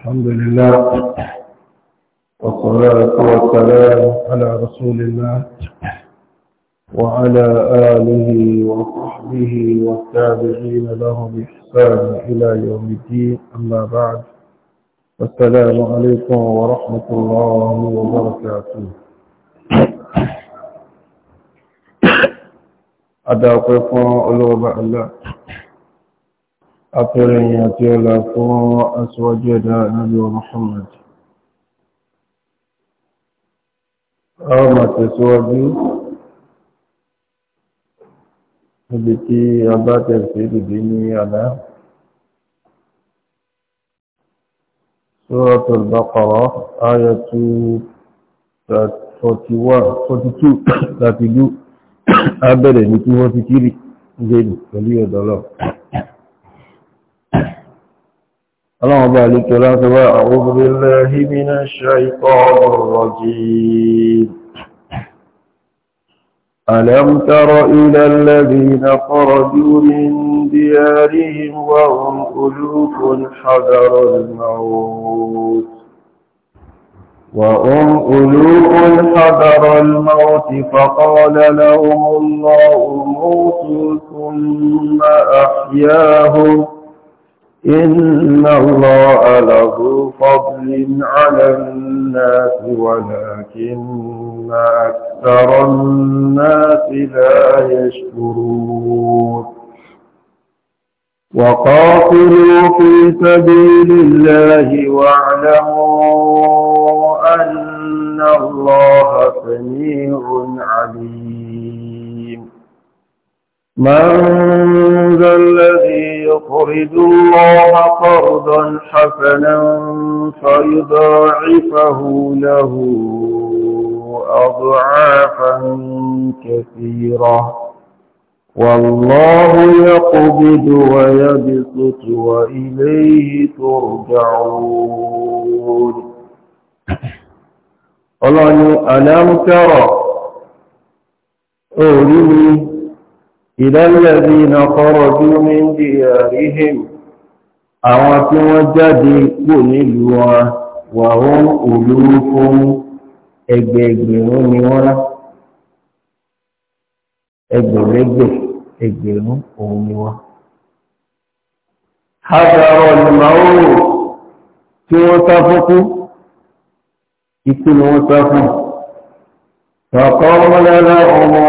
الحمد لله والصلاة والسلام على رسول الله وعلى آله وصحبه والتابعين له بإحسان إلى يوم الدين أما بعد السلام عليكم ورحمة الله وبركاته أدعوكم الله الله أطلعي أتي لكم أسوجد نبي محمد أما تسوجي التي أبا تفسير ديني أنا سورة البقرة آية 41 32 أبدا نتوه فكري جيد ولي الله اللهم بارك لك وأعوذ بالله من الشيطان الرجيم ألم تر إلى الذين خرجوا من ديارهم وهم ألوف حذر الموت وأم ألوف حذر الموت فقال لهم الله موت ثم أحياهم إن الله له فضل على الناس ولكن أكثر الناس لا يشكرون وقاتلوا في سبيل الله واعلموا أن الله سميع عليم من ذا الذي يقرض الله قرضا حسنا فيضاعفه له أضعافا كثيرة والله يقبض ويبسط وإليه ترجعون الله ألم ترى أولي إلى الذين خرجوا من ديارهم àwọn tí wọ́n jáde kò nílùú wa wà wọ́n òlúrú fún ẹgbẹ̀ẹgbẹ̀rún ni wọ́n rá ẹgbẹ̀lẹ́gbẹ̀ Ha òun ni wọ́n.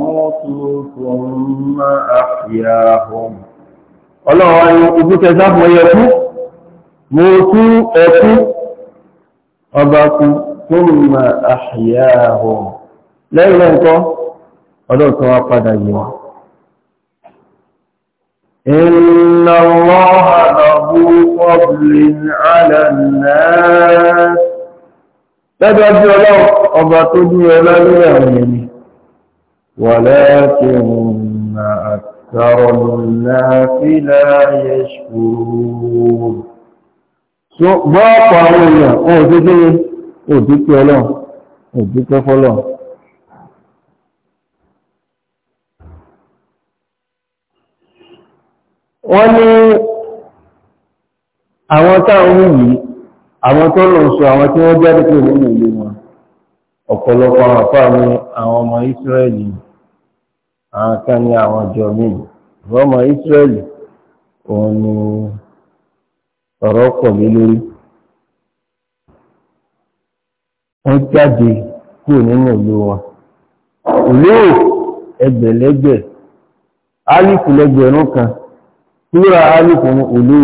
tí ثم أحياهم ọlọ́wọ́ ojú kẹta mọ̀ yẹ kú mo tú ẹkú ọba kú ثم أحياهم lẹ́yìn ẹ̀kọ́ ọlọ́tọ́ wá padà الله له فضل على tó dúró ẹlá àwọn ènìyàn ولكن أكثر الناس لا يشكرون ṣùgbọ́n ọ̀pọ̀ àwọn èèyàn ó ti kí ni òdúkẹ́ ọlọ́run òdúkẹ́ fọ́lọ́run wọ́n ní àwọn táwọn yìí àwọn tó lọ sọ àwọn tí wọ́n jáde pé nínú ìlú wọn ọ̀pọ̀lọpọ̀ àwọn àfáà àwọn ọmọ Ísírẹ́lì yìí àwọn kan ní àwọn ọjọ́ míì ọmọ Ísírẹ́lì òun ni ọ̀rọ̀ pọ̀ lé lórí wọ́n jáde kúrò nínú ìlú wọn ìlú ẹgbẹ̀lẹ́gbẹ̀ alifu lẹ́gbẹ̀rún kan túra alifu ní ìlú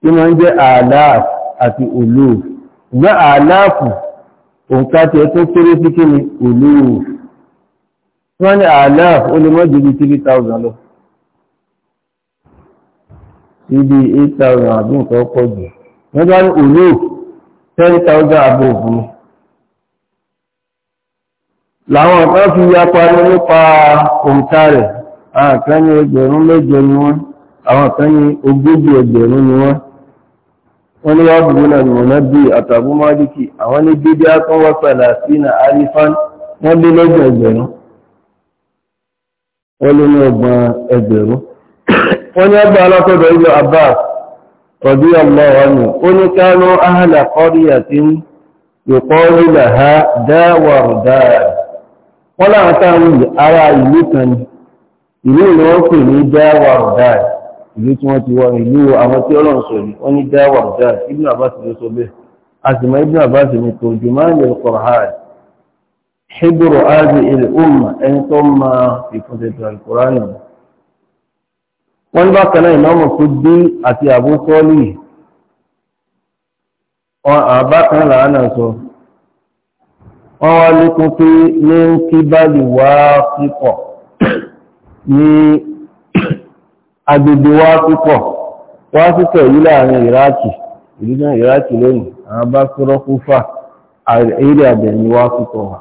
tí wọ́n jẹ́ àláàf àti ìlú ìgbà àláàfù òǹkà tí ẹ tún kéré sí kí ni ìlú wọ́n ni àláàf ó lè mọ́jú bí 3,000 lọ ibi 8,000 àbí nǹkan pọ̀ jù wọ́n bá ní òlò 10,000 àbò òfin làwọn kan fi yapa ní nípa òǹkà rẹ̀ àwọn kan ní ẹgbẹ̀rún méje ni wọ́n àwọn kan ní ogójì ẹgbẹ̀rún ni wọ́n wọ́n ní wọ́n bùrú náà mọ̀nà bíi àtàbùmọ́díkì àwọn ní bíbí á tún wọ́pẹ̀ àrífán wọ́n lé lọ́gbẹ̀ẹ́gbẹ̀rún wọ́n lé ní onye ẹgbẹ̀rún wọ́n ní abbas rọ̀bí ọlọ́wọ́nù ó ní ha dáwàrù dáa wọ́n láwọn kan ni wọ́n ní tí ti wọ àwọn tí ọlọ́run sọ ní dáwàrù dáa ibn abbas ló sọ bẹ́ẹ̀ a sì abbas ní kò hibru azi il umma ẹni tó ma ìfọ̀sẹ̀tọ̀ alkùránì wọ́n bá kaná ìmáàmù tó dé àti àbú sọ́ọ̀lì wọn àbá kan làánà sọ wọ́n wá lékún pé ní kí báyìí wá pípọ̀ ní agbègbè wá pípọ̀ wá pípọ̀ yìí láàrin ìráàkì ìlú náà lónìí àwọn bá sọ̀rọ̀ kúfà èrè àbẹ̀mí wá pípọ̀ wà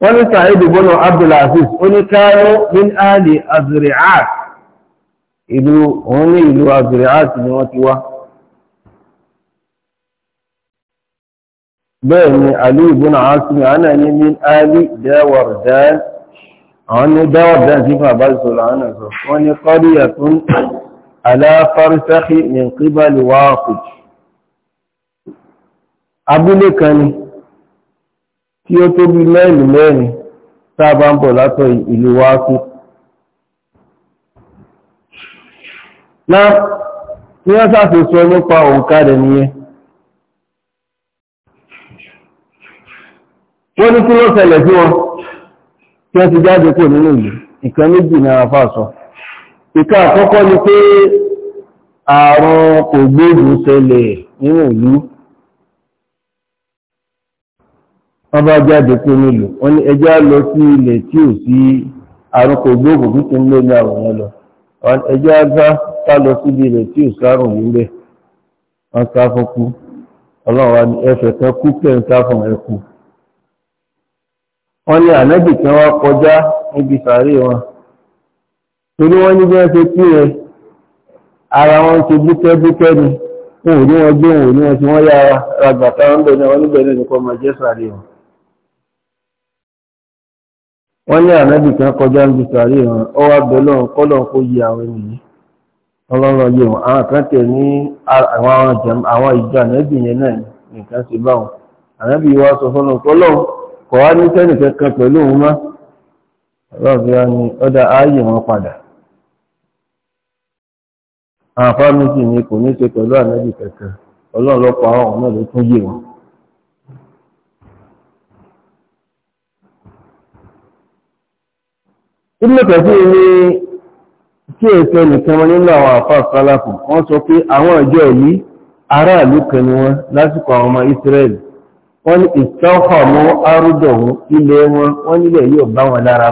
wọ́n ní sàídù bọ́nà abdulaziz ó ní káàró min ali azri'at ìlú òun ní ìlú azri'at ni wọ́n ti wá bẹ́ẹ̀ ni ali ibùnà asimi àánà ní min ali dawardan àwọn ní dawardan tí fà bá sọ làánà sọ wọ́n ní qaryatun ala farsakhi min qibali waqid abúlé kan ni tí ó tó bí mẹ́lì mẹ́rin tá a bá ń bọ̀ látọ̀ ìlú wa kú. Ná ní wọ́n ṣàfihàn nípa òǹkà rẹ̀ nìyẹn. Wọ́n ní kí ló ṣẹlẹ̀ sí wọn tí wọ́n ti jáde kò nínú ìlú. Ìkan méjì ni àáfà sọ. Ìka àkọ́kọ́ ni pé àrùn kò gbóògùn ṣẹlẹ̀ nínú ìlú. wọ́n bá jáde kó nílò wọ́n ní ẹjọ́ lọ sí ilẹ̀ tí ò sí àrùn kò gbóògùn tó ti ń lé ní àwòrán lọ ẹjọ́ bá sá lọ síbi ilẹ̀ tí ò sárùn nílẹ̀ wọ́n sá fún kú ọlọ́run wa ní ẹsẹ̀ kan kú pẹ̀ ń sá fún ẹkù wọ́n ní ànábì kan wá kọjá níbi sàárè wọn torí wọ́n ní bí wọ́n ṣe kí ẹ ara wọn ṣe búkẹ́búkẹ́ ni wọn ò ní wọn gbé wọn ò ní wọn ṣe wọ́n yára ragbàtà wọn bẹ̀rẹ̀ wọn níbẹ̀rẹ̀ nìkan máa jẹ́ sàárè wọn wọ́n ní ànábì kan kọjá ń bisàrí hàn ọ wá bẹ lọ́run kọ́lọ̀ kó yí àwọn ènìyàn ọlọ́run yé wọn àwọn kan tẹ̀ ní àwọn ìjọ ànábì yẹn náà nìkan ṣe bá wọn ànábì wa sọ fọ́nà kọ́lọ̀ kọ̀ wá ní sẹ́nìkan kan pẹ̀lú òun ọlọ́run fi ní ọ̀dà ààyè wọn padà àwọn Ibn Kathir ní kí èsẹ nìkan nínú àwọn afọ sálàfù wọ́n sọ pé àwọn ìjọ yìí aráàlú kan ni lásìkò àwọn ọmọ Israel wọ́n ní ìtọ́fà mọ́ wọn wọn wọ́n nílẹ̀ wọn lára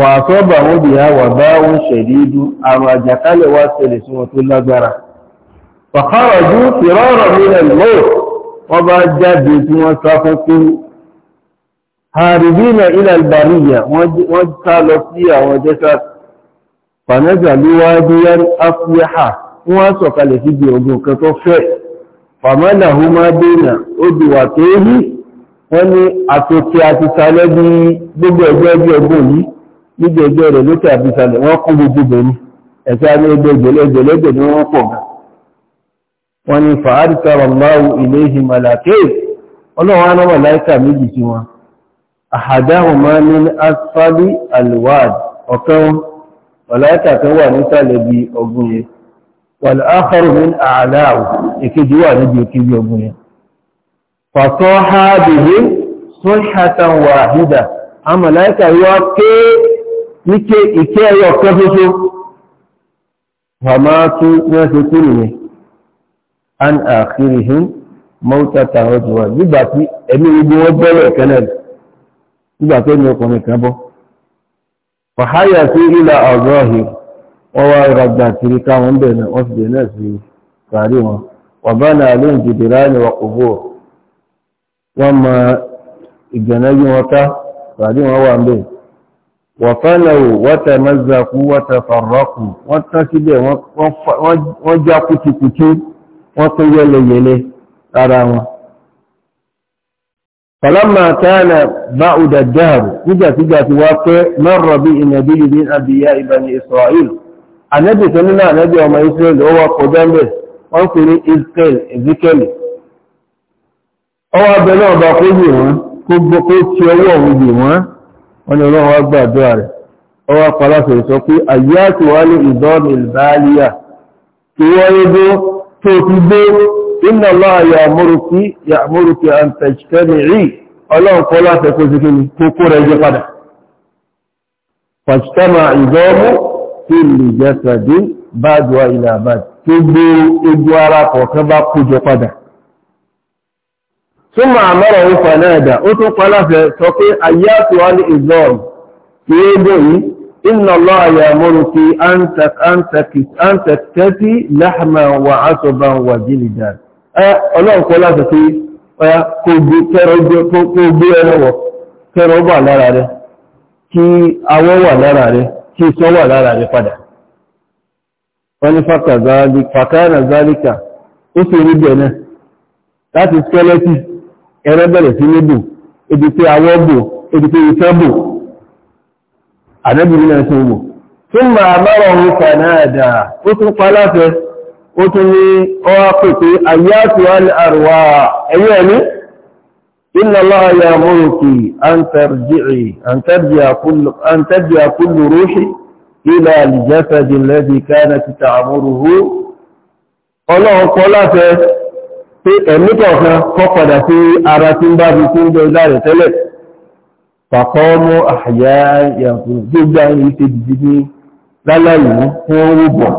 wà sọ́bà wọn bì á wà bá wọn ṣẹ̀dí idú àrùn àjàkálẹ̀ wá sí wọn tó lágbára ju fìrọ̀rọ̀ wọ́n bá jáde tí wọ́n fún haribina ila albaniya wọ́n sá lọ sí àwọn desert fanaja liwadiyan afyaha wọ́n sọ̀kalẹ̀ sí bí ogun kan tó fẹ́ fàmọ́nà húnmá dènà ó dìwà téèrí wọ́n ní àtòkè àti sálẹ́ bí gbogbo ẹgbẹ́ bí ọgbọ̀n yìí níbi ẹgbẹ́ rẹ̀ lókè àti sálẹ̀ wọ́n kún gbogbo bẹ̀rẹ̀ ẹ̀sẹ̀ ní àhádáhùnmá ní asfali alwad ọ̀kan ọ̀láìkà kan wà nísàlẹ̀ bí ọgbùn yẹn wàl'áfàrù ní àdáhù ìkejì wà níbi ìkejì ọgbùn yẹn fàtọ́ ha bèèrè sọ́ṣàtàn wàhídà a mọ̀láìkà yọ ké ike ìkẹ́ ẹyọ kan ṣoṣo wà nígbà tó ní ọkùnrin kan bọ́ fàháyà sí ilà àzọ́hì wọ́n wá rọgbà kiri káwọn ń bẹ̀rẹ̀ wọ́n sì dé náà sí sàárì wọn ọ̀bá náà ló ń jìdì ráàlì wọn kò bò wọ́n mọ ìgbẹ̀nẹ́jú wọn ká sàárì wọn wà ń bẹ̀ wọ̀fẹ́lẹ̀wò wọ́tẹ mẹ́zàkú wọ́tẹ fàrọ́kù wọ́n tán síbẹ̀ wọ́n já kútukùtù wọ́n tó yẹlẹyẹlẹ lára wọn فلما كان بعد الدهر إذا تجا واقع مر بالنبي من أنبياء بني إسرائيل النبي صلى الله عليه وسلم إسرائيل هو قدام به وانكري إذكال إذكال هو بنا باقيه كبقوا تشوه بهم وانا الله أكبر دواره هو خلاص يسوقي أيات والي البالية كي يجو توتي inna Allah ya'muruki ya'muruki an tajtami'i ọlọ́run kọ́ láti ẹ̀kọ́ sí kíni tó kó rẹ̀ jẹ́ padà fàjtàmà ìdọ́mú tí lè jẹ́ tàbí báàdùwà ilẹ̀ àbájì tó gbé egbò ara kọ̀ọ̀kan bá kó jọ padà súnmọ̀ àmọ́rọ̀ ń fà náà dà ó tún pa láfẹ́ sọ pé ayáàtù wá ní ìdọ́m tí ó gbò yìí inna Allah ya'muruki an takati wa asaban wa jilidan ọlọ́ọ̀kọ́ láti fi ọya kó gbé ẹrọwọ̀ kẹrọ wà lára rẹ̀ kí awọ wà lára rẹ̀ kí sọ wà lára padà wọ́n ni fàkàrà zálíkà ó sì rí bẹ̀ náà láti ẹrẹ bẹ̀rẹ̀ sí níbù awọ ebi pé ìfẹ́ àdẹ́bìnrin náà ó tún ní ọwá pè pé ayyátuwa ní àrùwà ẹ̀yẹ́ ní inna Allaha ya'muruki an tarji'a kullu ruhi ila al-jasadi alladhi kanat ta'muruhu ọlọ́run kọ́ láfẹ́ pé ẹ̀mí kọ̀ọ̀kan kọ́ padà sí ara tí ń bá bí tí ń bẹ láàrẹ̀ tẹ́lẹ̀ faqamu ahya'a yàtọ̀ gbogbo àwọn ìṣèdìdì ní lálàyé fún orúbọ̀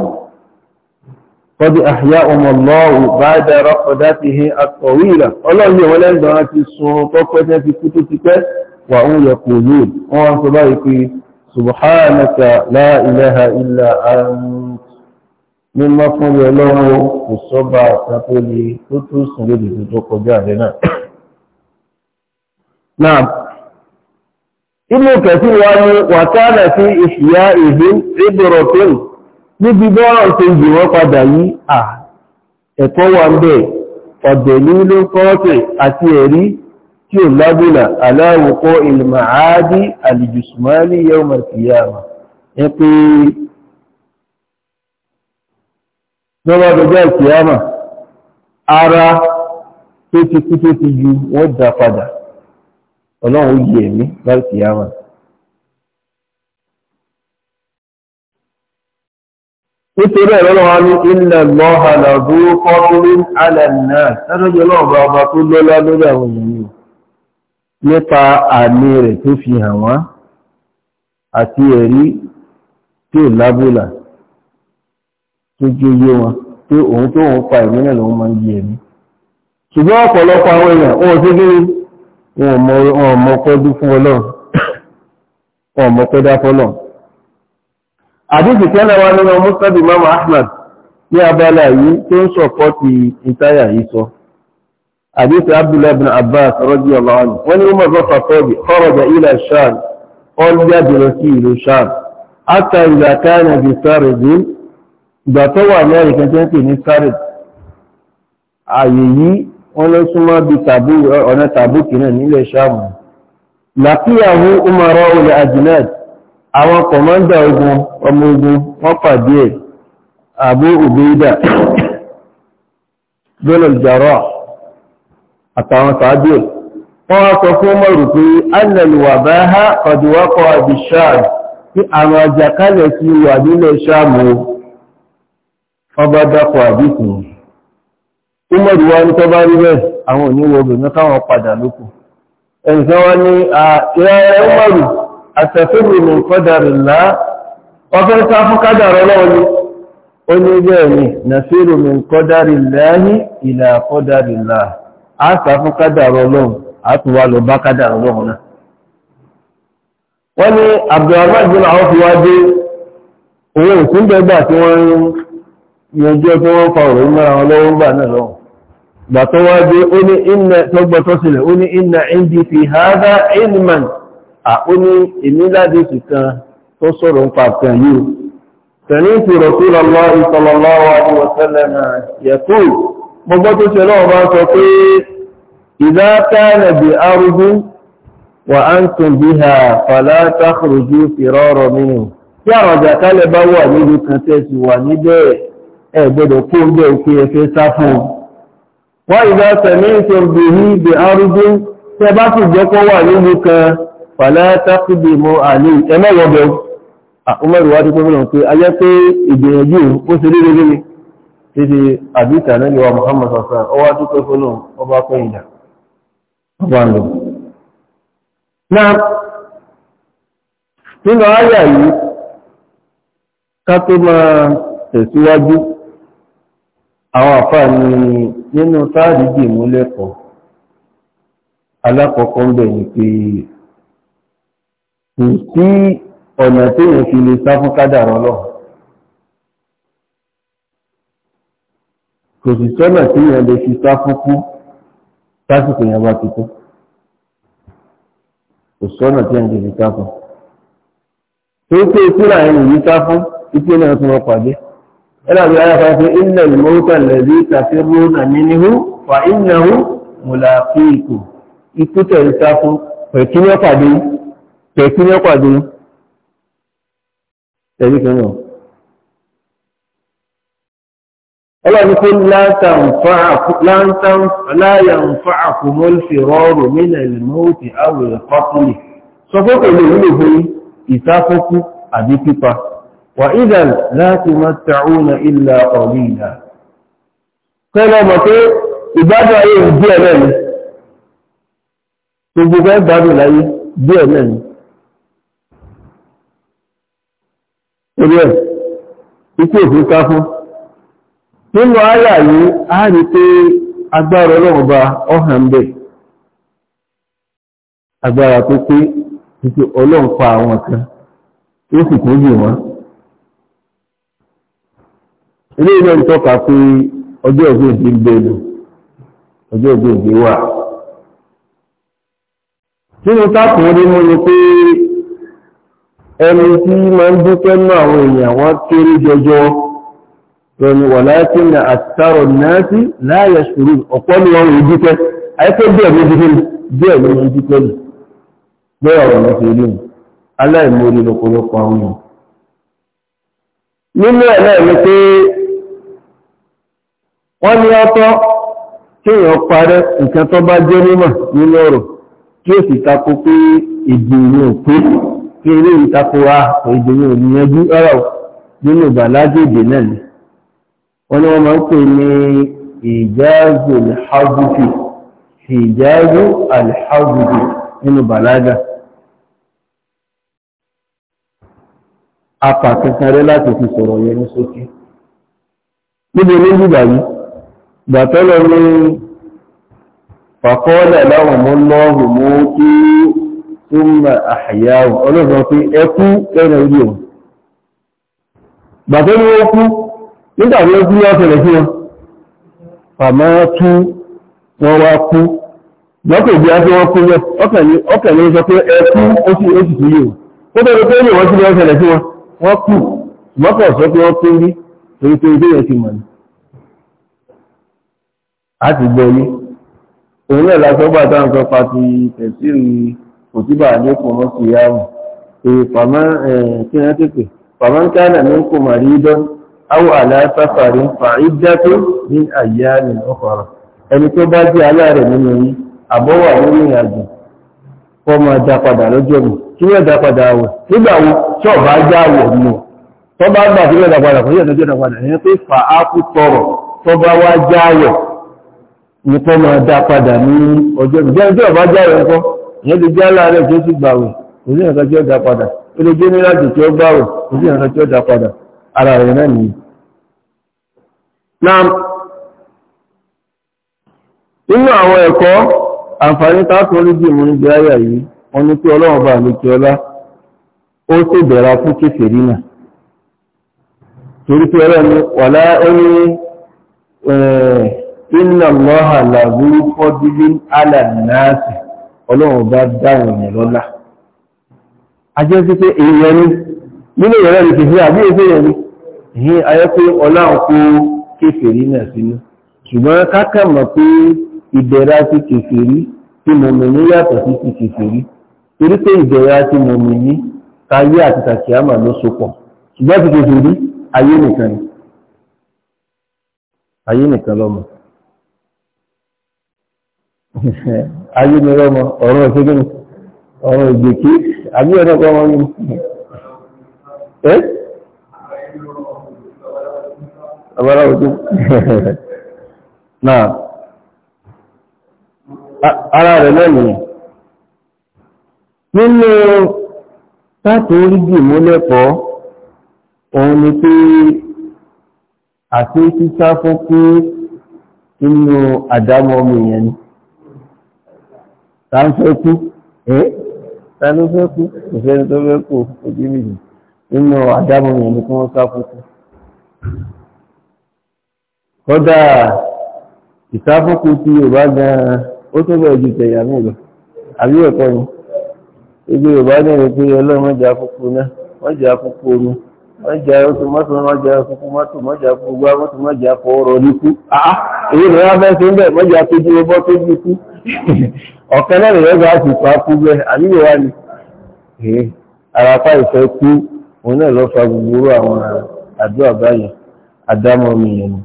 قد أحياهم الله بعد رقدته الطويلة الله يولد دعاتي السلطة في كتبك وهم يقولون وصبائك سبحانك لا إله إلا أنت من مفهوم الله الصبع تقولي كتب سنجد تتوقع جاهنا نعم ابن كثير وكان في إحيائهم عبرة níbi bọ́rọ̀ ṣe jù wọ́n padà yí à ẹ̀kọ́ wà ń bẹ̀ ọ̀dẹ̀lú ló kọ́ọ̀tẹ̀ àti ẹ̀rí tí ò lábùlà aláwòkọ́ ìlmàáàdí àlìjùsùmálì yawmal qiyamah ẹ pé nítorí ẹ̀rọ lọ́wọ́ ní ilẹ̀ lọ́hàlà bú kọ́túrí alẹ́ náà lẹ́tọ́jọ́ náà bá ọba tó lọ́lá lórí àwọn ènìyàn nípa àmì rẹ̀ tó fi hàn wá àti ẹ̀rí tí ò lábúlà tó jẹ́ wọn pé òun tó òun pa ìmínà lòun máa ń yí ẹ̀mí ṣùgbọ́n ọ̀pọ̀lọpọ̀ àwọn èèyàn wọn ò sí wọn ò mọ pẹ́dú fún ọlọ́run àdíjì tí ẹnà wa nínú mustadi mama ahmad ní abala yìí tó ń sọ̀pọ̀ ti ìtayà yìí sọ àdíjì abdullahi bin abbas radiyallahu anhu wọ́n ní umar bọ́fà tọ́bi kharaja ila sham ọlọ́jà jùlọ sí ìlú àwọn kọ̀mọ́ndà ogun ọmọ ogun wọ́n ẹ̀ Abu Ubaida lọ́nà ìjàrọ̀ àtàwọn sàájú ẹ̀ wọ́n wá sọ fún mọ́rù pé annalwa bá ha ọdíwọ́kọ̀ abishad tí àwọn wà nílẹ̀ sáàmù àtẹ̀fẹ́rù ní kọ́dàrì ńlá ọfẹ́ sá fún kádàrà ọlọ́run ni ó ní bẹ́ẹ̀ ni nàfẹ́rù ní kọ́dàrì láyé ìlà kọ́dàrì ńlá á sá fún kádàrà ọlọ́run á tún wá lọ bá kádàrà ọlọ́run náà wọ́n ní Abdulrahman bin Awf fi wá dé owó ìsúndẹ́gbà tí wọ́n ń lọ́wọ́ gbà náà ó ní ìnà tó ó ní ìnà indi fi ilman ó ní èmi láti sì kan tó sọ̀rọ̀ ń pa kan yìí tẹ̀lé ti Rasulullahi sallallahu alaihi wa sallam yẹ̀kú gbogbo tó ṣe lọ́wọ́ bá sọ pé idha kana bi ardi wa antum biha fala takhruju tí àwọn àjàkálẹ̀ bá wà wọ́n ìdá tẹ̀mí ìṣòro bí i arúgbó tẹ́ bá sì jẹ́ wà níbi kan fàlẹ́ tákìdì mọ́ àlè ẹmẹ́wọ̀bẹ̀ ọmọrù wá ti pẹ́ fún pé ayẹ́ pé ìgbìyànjú ó ṣe rí rí rí títí àbíkà náà wa Muhammad sassan ọwá tó pẹ́ fún ọba pẹ́ ìdà ọba ń lọ. na nínú àyà yìí ká tó máa tẹ̀síwájú àwọn àfààní nínú táàdì dì mú lẹ́kọ̀ọ́ alákọ̀ọ́kọ́ ń bẹ̀ ni pé kò sí ọ̀nà tí èèyàn fi lè sá fún kádàrá Ọlọ́run kò sì sọ́nà tí èèyàn lè fi sá fún kú sásìkò yẹn bá ti kú kò sọ́nà tí èèyàn lè fi sá fún tó pé ìtura ẹ̀yìn yìí sá fún ìpé náà tún lọ pàdé ẹ̀rọ àbí ayáfa pé ilẹ̀ ìmọ̀ọ́kà lẹ̀bí kàfí rúnà nínú fa ìnáwó mùlàkì ìkù ikú tẹ̀ ń sá fún pẹ̀kí wọ́n pàdé yìí tẹ̀sí ní ọ̀pàdé tẹ̀sí kan náà. ọlọ́run kó láyàǹfà àkùmọ́lùfẹ́ rọrùn nílẹ̀ ìlmọ́ọ̀tì àwẹ̀ pọ́pùlì sọ pé kò lè wúlò fún ìtafọ́kú àbí pípa wà ìdàn láti mọ́tàúnà ìlà ọ̀rí ìlà tẹ́lọ mọ̀ pé ìgbádùn ayé díẹ̀ náà gbogbo fẹ́ láyé díẹ̀ náà torí ẹ̀ ikú òfin ká fún nínú ayà yìí a rí pé agbára ọlọ́ọ̀ba ọ̀hàn bẹ̀ agbára tó pé títí ọlọ́ọ̀ àwọn kan ó sì kún jù wọ́n ilé ilé ń tọ́ka pé ọjọ́ ògbé ìdí ń gbèrò ọjọ́ ògbé ìdí wà nínú tákùn mú ni pé ẹni tí máa ń dúpẹ́ ní àwọn èèyàn wọ́n kéré jọjọ lọ́ni wà láti na àtàrọ̀ náà sí láàyè ṣùrù ọ̀pọ̀ ni wọ́n dúpẹ́ àìpẹ́ bẹ́ẹ̀ ní dúpẹ́ bẹ́ẹ̀ ọ̀rọ̀ ní fi rí pé ilé ìtakora ìdènà òníyànjú ọ̀rọ̀ nínú ìgbàlájò èdè náà ni wọ́n ni wọ́n máa ń pè ní ìjáàzù alhajjufi ìjáàzù alhajjufi nínú bàlágà apàkẹta rẹ láti fi sọ̀rọ̀ yẹn ní sókè níbi olóògbà yìí gbàtọ́lọ ní fàkọ́ọ́lẹ̀ láwọn mọ́ lọ́rùn mú kí thumma ahyāhum ọlọ́run pé ẹkú ẹ̀rẹ̀ orí òun gbàtọ́ ní ó kú nígbà tí ó kú yọ́ fẹ̀rẹ̀ sí wọn fàmọ́ tú wọn wá kú lọ́kẹ̀ ìgbé á tí wọ́n kú yẹ ọkẹ̀ ní sọ pé ẹkú ó sì ó sì sí yìí ó bẹ̀rẹ̀ pé ní wọ́n sí wọ́n fẹ̀rẹ̀ sí wọn wọ́n kú kò tí bà lé kò mọ́ sí yáwù fàmọ́ ń kánà ní kò mà rí dán áwọ̀ aláàtàfàrí fàídátó ní àyà ní ọkọ̀rọ̀ ẹni tó bá jẹ́ aláàrẹ̀ nínú yí àbọ́wà nínú ìrìnàjò kọ́ máa dá padà lọ́jọ́ mi kí wọ́n dá padà wọ̀ nígbà já wọ̀ mú tọ́ gbà kí wọ́n dá ìyẹn lè jẹ́ aláàárẹ̀ tí ó sì gbààwẹ̀ kò sí tí ó dá padà ó lè jẹ́ níláàjì tí ara rẹ̀ náà nìyí. àwọn ẹ̀kọ́ àǹfààní táàkùn oríjì mú níbi ayà yìí wọn ni pé ọlọ́run bá mi ọlá ó sì bẹ̀rẹ̀ fún náà torí pé ọlọ́run ọlọ́run bá dáwọn èèyàn lọ́lá ajẹ́ sí pé èèyàn ní nílé ìrẹ́ rẹ̀ kìí àbí èsè èèyàn ní ìhí ayẹ́ pé ọlọ́run kó kéfèrí náà sínú ṣùgbọ́n kákà mọ̀ pé ìdẹ̀ra ti kéfèrí tí mọ̀mìnì yàtọ̀ sí ti kéfèrí torí pé ìdẹ̀ra ti mọ̀mìnì táyé àti tàkìámà ló so pọ̀ ṣùgbọ́n ti kéfèrí ayé nìkan ni ayé nìkan lọ́mọ̀ ayé mi rọ́mọ ọ̀rọ̀ ìṣẹ́gbẹ́ ọ̀rọ̀ ìgbèkí àbí ọ̀rọ̀ ọmọ yìí ẹ́ ọ̀bára òjú náà ara rẹ̀ lẹ́yìn nínú láti orí jù mú lẹ́kọ̀ọ́ òun ni pé àti sísá fún pé inú àdámọ́ ọmọ èèyàn ni ta ń fẹ́ kú ẹ́ ta ló fẹ́ kú kò tó fẹ́ kú ojú méjì nínú àdámọ̀ yẹn ni kí wọ́n sá fún kú. kódà ìsáfúnkú tí yorùbá gan-an ó tó bẹ̀rẹ̀ ju tẹ̀yà mí lọ àbí ẹ̀kọ́ ni ibi yorùbá ni pé ọlọ́run náà omi mọ́tò mọ́tò gbá mọ́tò ọ̀kan náà lè gbà sí pa kú bẹ́ẹ̀ àníyàn wá ní àràpá ìfẹ́ kú òun náà lọ fa gbogbo àwọn àdúrà báyìí àdámọ́ mi yẹn ni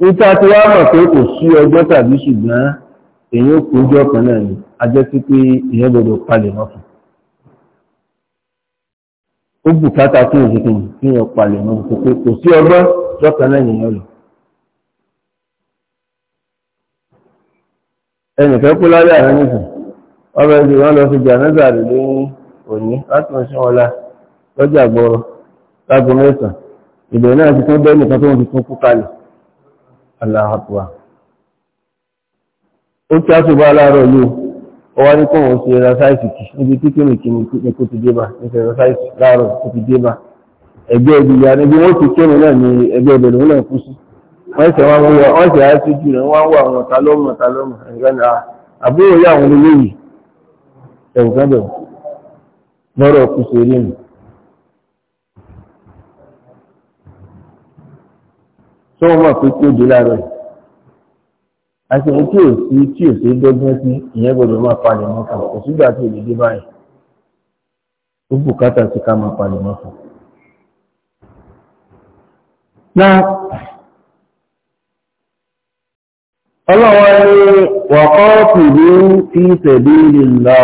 níta tí wàá mọ̀ pé kò sí ọjọ́ tàbí ṣùgbọ́n èyí ó kó ojú ọ̀kan náà ni a jẹ́ sí pé ìyẹn gbọdọ̀ palẹ̀ mọ́ fún ó bùkátà kí èyí kí èyàn palẹ̀ mọ́ pé kò sí ọgbọ́n lọ́kàn náà nìyẹn lọ ẹnìkan kú láyé àwọn nìkan ọbẹ̀ ìdí wọn lọ sí jàǹdà rẹ̀ ní òní láti wọn ṣe wọn la lọ́jà gbọ́rọ̀ lágbo mẹ́sàn-án ìbẹ̀rẹ̀ náà ti tún bẹ́ẹ̀ nìkan tó ń fi tún kú kalẹ̀ aláhàtúwà ó kí á tó bá aláàárọ̀ yìí ó wá ní kó wọn ṣe ẹrasáìsì kì níbi tí kìnnìkìnnì wọ́n ṣe wọ́n wúyọ wọ́n ṣe àá sójú rẹ̀ wọ́n wọ àwọn ọ̀tá lọ́mọ nwa nwa àbúrò yà àwọn olóyè ẹ̀gbọ́n bẹ̀rẹ̀ lọ́rọ̀ kù orí mi. tó wọ́n mọ̀ pé kí ó di láàárọ̀ àti ohun tí ò sí tí ò sí dọ́gbọ́n sí ìyẹn gbọ́dọ̀ máa palẹ̀ mọ́ kan kò sígbà tí ò lè dé báyìí ó bùkátà sí ká máa ọlọ́wọ́ ni wọ̀kọ́ọ̀tù ní fi tẹ̀lé lílá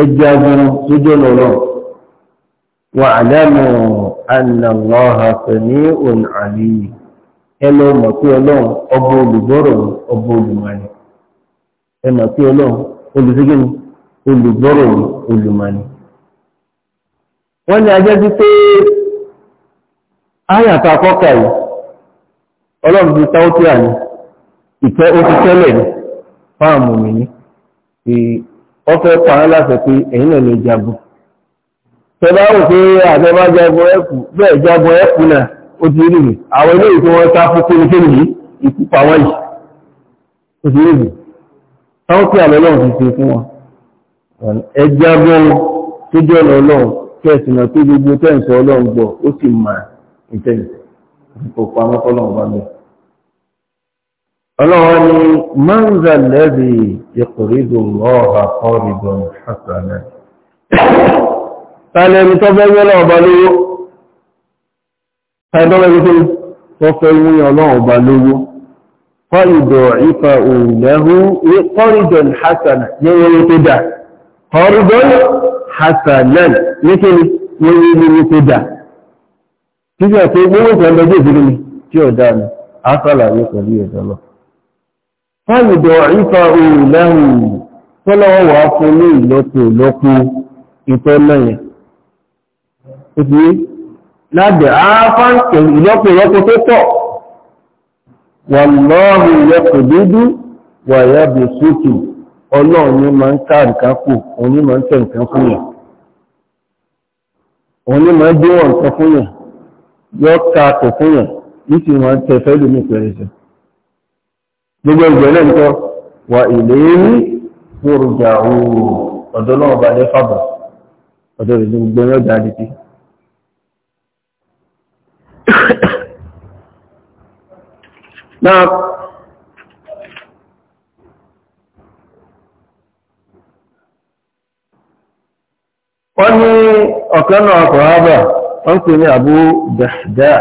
ẹjagun sójọ́ lọ́rọ̀ wà àdámù annàlọ́ha tẹ̀lé òun àlè ẹlọ mọ̀ pé ọlọ́run ọba olùgbọ́rọ̀ ọba olùmọ̀ni ẹ mọ̀ pé ọlọ́run olùsígìní olùgbọ́rọ̀ olùmọ̀ni wọ́n ní ajẹ́ sí pé áyàtọ̀ akọ́kà yìí ọlọ́run ti táwọ́ tí ìtẹ́ ó ti tẹ́lẹ̀ ní fáàmù mi ní pé ọ fẹ́ pa á láṣẹ pé ẹ̀yin náà lè jagun tẹ bá wò pé àtẹ bá jagun ẹ̀kú bẹ́ẹ̀ jagun ẹ̀kú náà ó ti rí mi àwọn eléyìí tí wọ́n sá fún kí ni kí ni ikú pa wọ́n yìí ó ti rí mi táwọn tí àlọ́ náà fi ṣe fún wọn ẹ jagun tó jẹ́ ọ̀nà ọlọ́run kẹ́ẹ̀sì náà tó gbogbo tẹ́ǹsì ọlọ́run gbọ́ ó sì máa ìtẹ́ǹsì kò pa mọ́kọ́ náà bá bẹ́ẹ̀ ọlọ́wọ́ ni mọ́nzà lẹ́bí ìkòrídò lọ́ọ̀hà kọ́rìdò hasanẹ́ tààlẹ̀ ẹni tó fẹ́ yọ́lọ́ ọba lówó tààdọ́lẹ́bí tó fẹ́ yọ́lọ́ ọba lówó kọ́rìdò ìfà òlẹ́hú kọ́rìdò hasanẹ́ yẹ́wọ́lẹ́ tó dà kọ́rìdò fáwùdọ̀ ìfà òun lẹ́hùn tọ́lọ́wọ́ wà fún ní ìlọ́tò lọ́kún ìtọ́lẹ̀yẹ. Ìfì lábẹ̀ àáfáǹkẹ̀ ìlọ́pọ̀ ìlọ́pọ̀ tó pọ̀ wà lọ́rùn ìyẹ́kù dúdú wà yábẹ̀ sókè ọlọ́run ní máa ń káàkà kù òun ń tẹ̀ nǹkan fún yẹn gbogbo ìgbẹ̀lẹ̀ ń tọ́ wà ilé rí fòrùjà oòrùn ọ̀dọ́ náà bá lẹ́ fàbọ̀ ọ̀dọ́ ìlú gbogbo ẹ̀rọ jáde sí. náà wọ́n ní ọ̀kan náà kọ̀ wọ́n pè ní àbú dàdà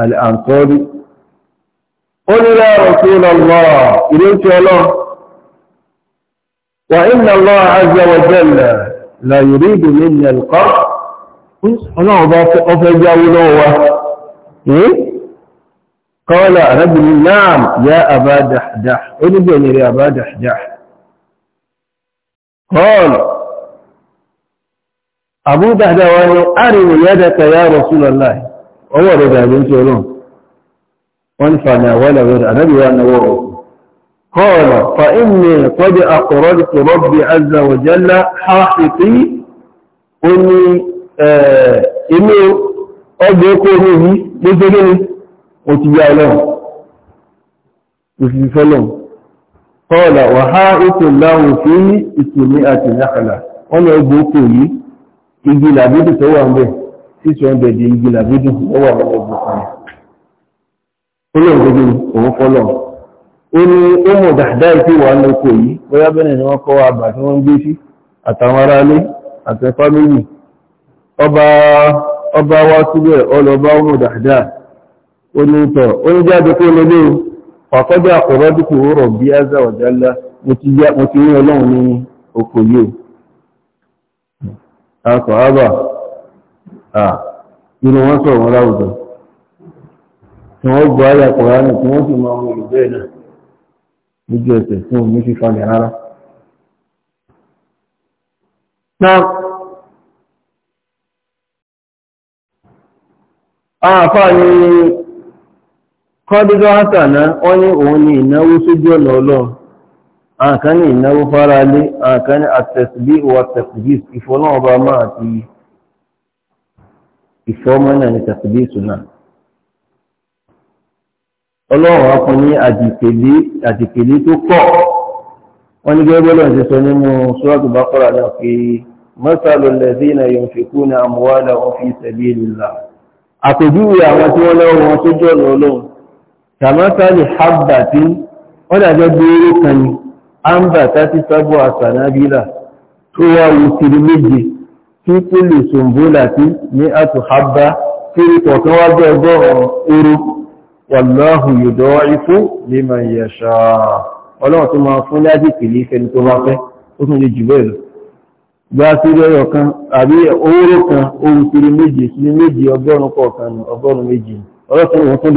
àlẹ́ àǹtọ́rí ó ní láàrọ̀ tí ó lọ ìlú tí Allah azza wa jalla la yuridu قال رب نعم يا أبا دحدح أنبني يا أبا دحدح قال أبو دحدواني أرم يدك يا رسول الله أول بنت wọ́n fàdà wọ́lẹ̀ wọ́lẹ̀ àdábíwá náwọ́ قال فإني قد أقررت ربي عز وجل حاحطي أني إني أبقره بجرني وتجاه له وتجاه له قال وحائط الله فيه اتمئة نخلة أنا أبقره إجي لابد سوى به 600 إجي لابد سوى به olóògbé òun fọ́lọ̀ ó ní ó mọ̀ dáadáa ìpé wà lóko yìí bóyá bẹ́ẹ̀ ni wọ́n kọ́ àbà tí wọ́n ń gbé sí àtàwọn ará ilé àti fámílì ọba wá síbẹ̀ ọlọ́ba ó mọ̀ dáadáa ó ní tọ̀ ó ń jáde kó lélẹ̀ o pàkọ́jà àkọ́rọ́ dípò rọ̀ bí azà ọ̀jálá mo ti rí ọlọ́run ní oko yìí o akọ̀ ábà irun wọn sọ̀rọ̀ láwùjọ tí wọ́n gbọ́ ayà kọ̀ọ̀rọ̀ tí wọ́n sì máa mú olùgbé náà lójú ẹsẹ̀ fún omi fífa ní rárá. Náà ni ní ni ìnáwó sójú ọ̀nà ọlọ́run ní àtẹ̀sìbí ìwà tẹ̀sìbí na ọba máa ti ìfọ́mọ́nà ní tẹ̀sìbí ìsúná. ọlọ́run á fún ní àdìkèlé tó pọ̀ wọ́n ní gẹ́gẹ́ bọ́lá ti sọ nínú sọ́ọ̀tù bákọ́rà náà pé mọ́sàlù lẹ́dínà yóò fi kú ní àmúwádà wọn fi sẹ̀bí ìlúlà àpèjúwe àwọn tí wọ́n lọ́wọ́ wọn tó jọ lọ lọ́wọ́ tàmátàlì hábàtí wọ́n dàjọ́ bí eré kan ni ámbà tàti sábọ̀ àsànábílà tó wá wù kiri méje tí kúlù sòǹbólà tí ní àtúhábá kiri kọ̀ọ̀kan wá bẹ́ẹ̀ bọ́ọ̀ wàláhù yòdó ikú lè máa yẹ̀ ṣáà ọlọ́run tó máa fún láti pèlè ìfẹ́ni tó bá fẹ́ ó tún lè jù bẹ́ẹ̀ lọ gbá sírí ọyọ kan àbí owóró kan ohun sírí méje sírí méje ọgọ́rùn kọ̀ọ̀kan ọgọ́rùn méje ọlọ́tún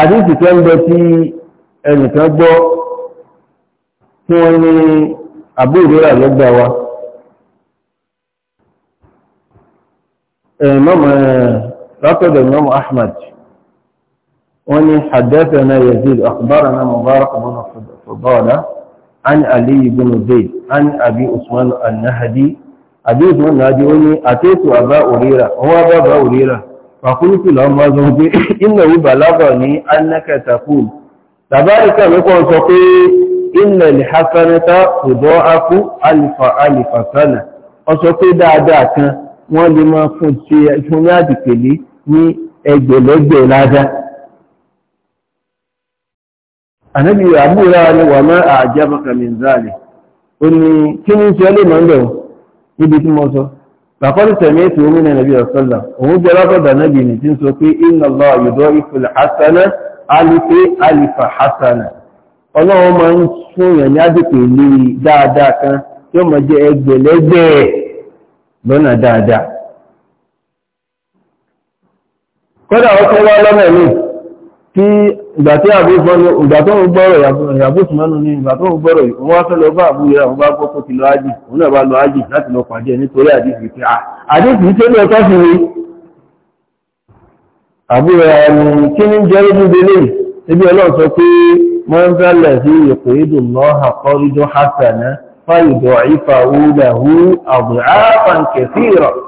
àdíjì kẹ́ ń bẹ tí ẹnìkan gbọ́ tí wọ́n ní àbú ìrírà lọ́gbà wa ẹ̀mọ́mọ̀ látọ̀dọ̀ mọ́mọ̀ ahmad wọ́n ní náà yẹ̀ haddathana yazid akhbarana mubarak bin fadala an ali ibn zayd an abi usman an-nahdi abi usman an-nahdi wọ́n ní ataitu aba urira huwa aba urira fàkúrúkù lọ mọ́ sọ pé inú ìwúbà lábọ̀ ní annakatakul tàbáríkà mẹ́kọ́ sọ pé inú ìlhásánátà ọ̀dọ́ akú alifa alifasana ọ sọ pé dáadáa kan wọ́n lè máa fún ṣe ṣúnmí àdìpèlé ní ẹgbẹ̀lẹ́gbẹ̀ ládá ànábì àbúrà ni wà máa mo sọ فقد سمعت من النبي صلى الله عليه وسلم وهو جرب النبي نتين سوكي إن الله يضاعف الحسنة ألف ألف حسنة ọlọ́run máa ń súnyàn ní àdìpè lérí dáadáa kan tí ó máa jẹ́ ẹgbẹ̀lẹ́gbẹ̀ lọ́nà dáadáa kódà ó wá lọ́nà míì tí ìgbà tí àbúfọ́nù ìgbà tó ń gbọ́rọ̀ ìyàbúfọ́nù ní ìgbà tó ń gbọ́rọ̀ òun wá fẹ́ lọ bá àbúyẹ àwọn bá gbọ́ tó ti lọ ájì òun náà bá lọ ájì láti lọ pàdé nítorí àdìsí pé ah, àdìsí tí ó lọ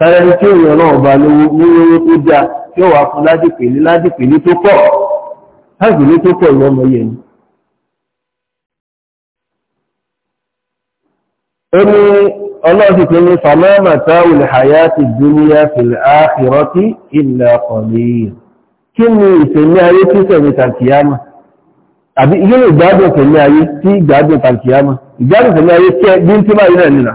kárẹ́ni tí èèyàn náà bá lówó ní owó tó dáa tí ó wà fún ládìpèlé ládìpèlé tó pọ̀ ládìpèlé tó pọ̀ ìwọ́n ọmọ yẹn ni. ó ní ọlọ́ọ̀sì tó ní fàmọ́mà táwùl àyá ti dúníyà fìlẹ̀ áàkìrọ́tí ilẹ̀ ọ̀lẹ́ yìí kí ni ìfẹ̀mí ayé tí sẹ̀mí tàkìyàmà àbí yóò ìgbádùn fẹ̀mí ayé tí ìgbádùn tàkìyàmà ìgbádùn fẹ̀mí ayé tí ẹgbín náà nìlà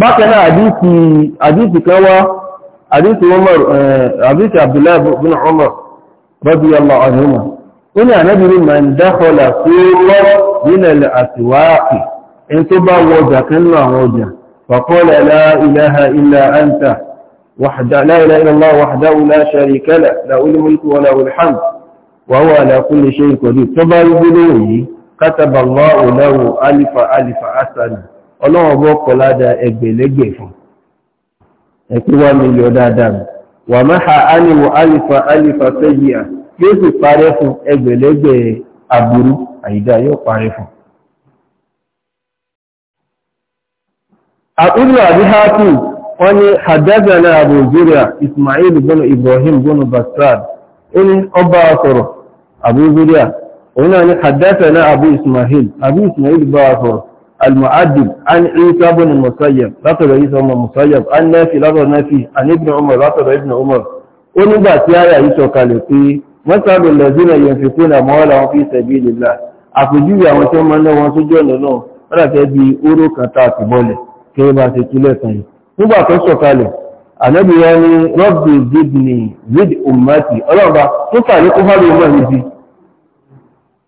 bákanáà àdíkì àdíkì kan wá àdíkì Umar àdíkì Abdullahi bin Umar radiyallahu anhuma ó ní ànábìrin man dakhala suuqan min al-aswaq ẹni tó bá wọ ọjà kan nínú àwọn ọjà faqala la ilaha illa anta wahda la ilaha illa Allah wahdahu la sharika lahu lahul mulku wa lahul hamd wa huwa ala kulli shay'in qadir tó bá rí gbólóhùn yìí kataba Allahu lahu alifa alifa hasana ọlọ́wọ́n bọ́ kọ ládàá ẹgbẹ̀lẹ́gbẹ̀ fún ẹ̀kú mílíọ̀ dáadáa wà máa ánìwò alifa alifa sẹ́yìá yóò sì parẹ́ fún ẹgbẹ̀lẹ́gbẹ̀ aburú àyídá yóò parẹ́ fún. àkúrú àdíhátù wọ́n hadadana abu njiria ismail bin ibrahim bin basrad ó ní ọba sọ̀rọ̀ abu zuriya òun náà ni hadadana abu ismail abu ismail bá المعدب عن عيسى بن المسيب لطر عيسى بن المسيب عن نافي لطر نافي عن ابن عمر لطر ابن عمر ونبا سيارة عيسى كالقي مثل الذين ينفقون أموالهم في سبيل الله àpèjúwe àwọn tí ó máa ń lẹ́wọ́n tó jẹ́ ọ̀nà náà ráràkẹ́ bí oró kàtà àti bọ́lẹ̀ kí ó bá ṣe túlẹ̀ kan yìí nígbà tó sọ̀kalẹ̀ ànẹ́bìyàn ni rọ́bì zidni zid umati ọlọ́ọ̀bá tó kà ní kó fárí ọmọ ìdí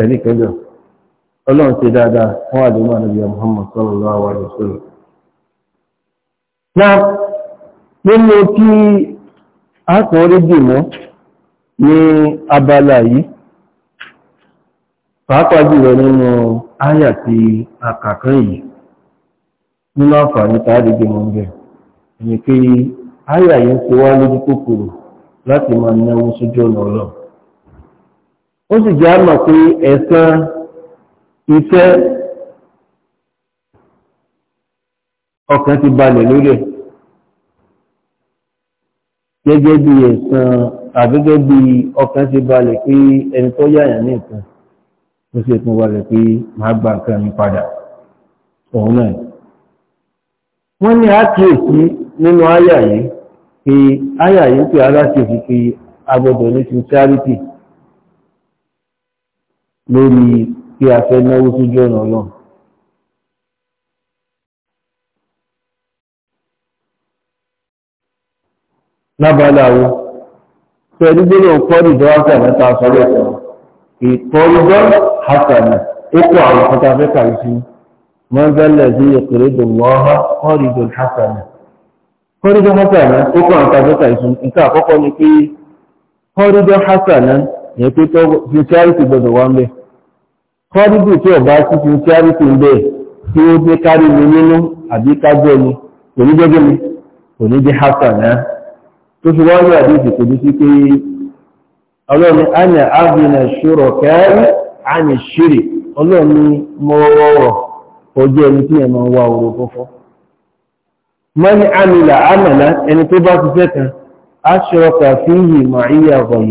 ẹ̀rí kẹjọ ọlọ́run ṣe dáadáa fún àdúgbò àdúgbò Muhammad sallallahu alaihi wasallam na nínú kí a kàn rí dìmọ́ ní abala yìí pàápàá jùlọ nínú àyà ti yìí nínú dìmọ́ ń bẹ̀ ẹni àyà yìí ń wá lójú kòkòrò láti máa náwó sójú ọ̀nà ó sì jẹ́ àmọ̀ pé ẹ̀san ìfẹ́ ọkàn ti balẹ̀ lórí ẹ̀ gẹ́gẹ́ bí ẹ̀san àgẹ́gẹ́ bí ọkàn ti balẹ̀ pé ẹni tó yáyàn ní nǹkan ó sì tún balẹ̀ pé máa gba nǹkan mi padà òun náà wọ́n ní àkíyèsí nínú àyà yìí pé àyà yìí pé aláṣẹ fi pé agbọ́dọ̀ ní sincerity lórí kí a fẹ́ náwó sójú ọ̀nà ọlọ́run lábàláwo tẹ nígbèrè ọ̀pọ̀lù ìdọ́wàkà mẹ́ta sọ́rọ̀ ẹ̀sọ́ ìtọ́lùbọ́ hasana ó kó àwọn ọ̀pọ̀ta fẹ́ kàrí sí mọ́ńgálẹ̀ sí ìpèrè kọ́rìdò kọ́rìdò ó àwọn fẹ́ sí nǹkan àkọ́kọ́ ni yẹn pé tó gbogbo gbọdọ̀ wá ń bẹ̀ kọ́dídù tí ọ̀gá sí sincerity ń bẹ̀ tí ó dé kárí mi nínú àbí kájọ́ mi kò ní jẹ́ gẹ́mi kò ní jẹ́ hasan tó fi wá ń rà bí ìdìkò sí pé ọlọ́run àmì àbìnà àmì mọ́rọ̀rọ̀ ẹni tí oòrùn fọ́fọ́ mọ́ni ẹni tó bá ti fẹ́ kan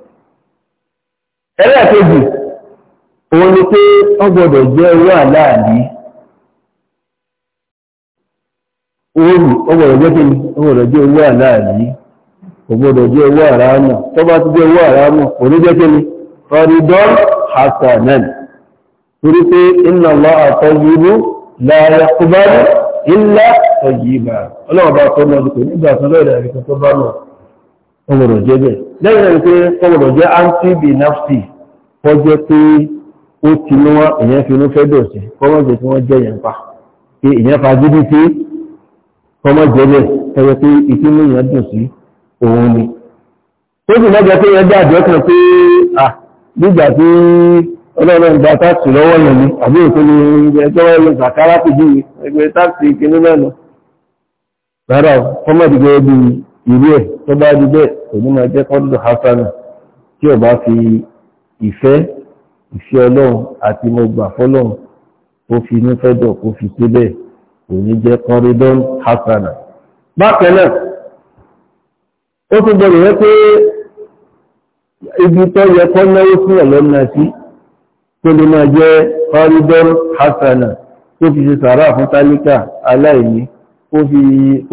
ẹlẹ́ẹ̀kejì òun ni pé wọ́n gbọ́dọ̀ jẹ́ owó àláàlí oòrù wọ́n gbọ́dọ̀ jẹ́ kí wọ́n gbọ́dọ̀ jẹ́ owó àláàlí kò gbọ́dọ̀ jẹ́ owó àrámù tó bá ti jẹ́ owó àrámù kò ní jẹ́ kí ni faridọ́ hasanan torí pé inna Allaha tayyibun la yaqbalu illa tayyiban ọlọ́run bá tó lọ́dún kò nígbà tó lọ́dún àríkà tó bá lọ ọgbọ̀dọ̀ jẹ́ lẹ́yìn rẹ̀ pé jẹ́ antibi kọ́ jẹ́ pé ó ti ní wọ́n èyàn fi inú fẹ́ dọ̀sí kọ́mọ̀jẹ́ tí wọ́n jẹ́ yẹn pa pé èyàn fa gidi sí kọ́mọ̀jẹ́ bẹ́ẹ̀ ẹ̀yẹ pé ìtínú èyàn dùn sí òun ni tó sì lọ́jọ́ pé ẹgbẹ́ àjọ kan pé à nígbà tí ọlọ́run gba táàkì lọ́wọ́ yẹn ni àbí òkú ni ẹjọ́ ọlọ́run sàkárà kù bí ẹgbẹ́ táàkì kìíní mẹ́nu rárá kọ́mọ̀dé gẹ́gẹ́ bí ìrí ẹ̀ tó bá di bẹ́ẹ̀ kò ní máa jẹ́ kọ́dọ̀ hasanu tí ọba fi ìfẹ́ ìfẹ́ ọlọ́run àti mo gbà fọ́lọ́run ó fi inú fẹ́dọ̀ kó fi síbẹ̀ kò ní jẹ́ kọ́rídọ́n hasana. bákan náà ó tún gbọdọ̀ yẹ pé ibi tó yẹ kọ́ náwó sí ọ̀lọ́nà sí tó lè máa jẹ́ kọ́rídọ́n hasana tó fi ṣe sàárà fún tálíkà aláìní ó fi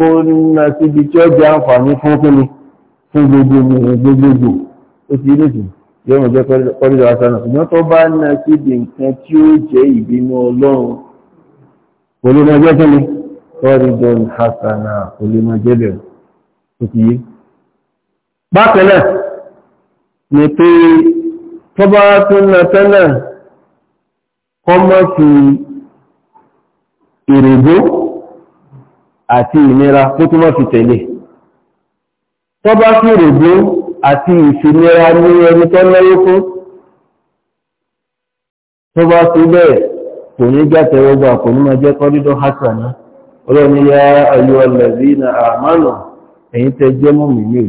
ó ná síbi tí ó jẹ́ àǹfààní fún kíni fún gbogbogbò gbogbogbò ó ti rí nìyí yóò mọ̀ jẹ́ kọ́lídọ̀ asánà ṣùgbọ́n tó bá ń na síbi nǹkan tí ó jẹ́ ìbínú ọlọ́run olùmọ̀jẹ́ kí ni kọ́lídọ̀ hasana olùmọ̀jẹ́ bẹ̀rẹ̀ tó ti yé bákan náà ni pé tó bá tún na tẹ́lẹ̀ kọ́ mọ́ sí ìrìnbó àti ìnira tó tún fi tẹ̀lé tó bá fi ìrìnbó àti ìṣìnira ní ẹni tó lọ́wọ́ fún tó bá fi bẹ́ẹ̀ kò ní jàtẹ̀ ọgbà kò ní máa jẹ́ kọ́dídọ́ hasana ọlọ́ni ya ayọ́ ọlẹ̀bí na àmánà ẹ̀yin tẹ́ jẹ́ mọ́mí ní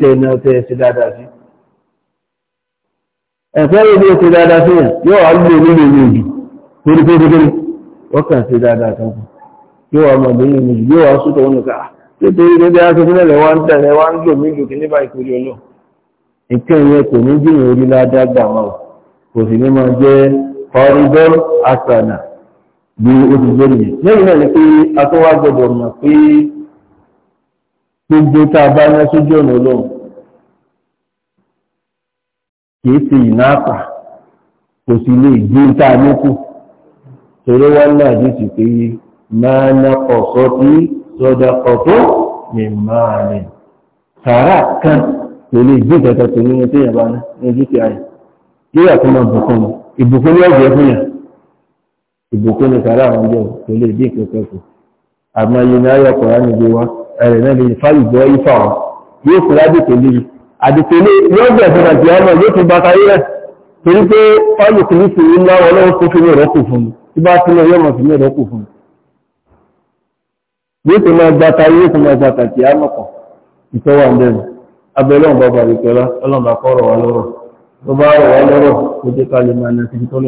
tẹ́ iná tẹ́ dáadáa sí ẹ̀fẹ́ ìdí ó ti dáadáa sí ẹ̀ yóò wá lè nílò ìlú torí pé kékeré wọ́n kàn sí dáadáa kan kù yóò wá máa bẹ̀yìn ìlú yóò wá sútọ̀ wọn nìkan ah, nítorí pé bí a ti fúnlẹ̀ wá ń tẹ̀lé wá ń lò nílò kí nípa ìpínlẹ̀ ọlọ́ nǹkan ìyẹn kò ní jìyàn orí ládàá gbà wọn kò sì ní máa jẹ́ kọrìdọ́rù àsànà bí ó ti jẹ́ nìyẹn lẹ́yìn náà ni pé a tó wá gbọdọ̀ mọ̀ pé gbogbo tá a bá yẹn sójú ọ̀nà ọlọ́run kìí ṣe ìnáàpà kò sì lè gbé ta níkù torí wọn náà ní ti pé máa ná ọ̀sọ́ tí sọ́dá ọ̀tọ́ ní máa rìn sàárà kan kò lè gbé ìtẹ̀tẹ̀ tó ní ẹsẹ̀ yàrá ní dúkìá yìí kí yàtọ̀ máa bùkún mi ìbùkún ní ọ̀jẹ̀ fún yà ìbùkún ní sàárà àwọn jẹ́ kò lè dín ìpínlẹ̀ kù àmọ́ yìí ní ayọ̀ kọ̀ọ̀rọ̀ níbi wa ẹ̀rẹ̀ náà lè fáyìí gbọ́ ifá wọn yóò fura bí kò àdìpélé yóò bẹ̀rẹ̀ àti ọmọ yóò ti bàtà rẹ̀ torí pé ọ́yù kìí sí ńlá ọlọ́run tó fi ní ìrọ́pù fún tí bá tí lọ yọ́mọ̀ sí ní ìrọ́pù fún yóò ti máa gbàtà yóò ti máa gbàtà kìí àmọ̀kọ̀ ìtọ́wà ń bẹ̀rẹ̀ abẹ́lọ́n bàbá àríkẹ́lá ọlọ́run bá kọ́rọ̀ wá lọ́rọ̀ tó bá rọ̀ wá lọ́rọ̀ tó jẹ́ ká lè máa nẹ́sí tó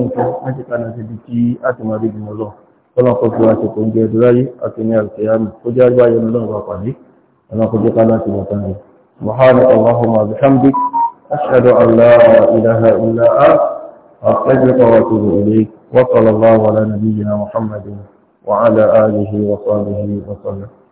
lóun سبحانك اللهم وبحمدك أشهد أن لا إله إلا أنت أستغفرك وأتوب إليك وصلى الله على نبينا محمد وعلى آله وصحبه وسلم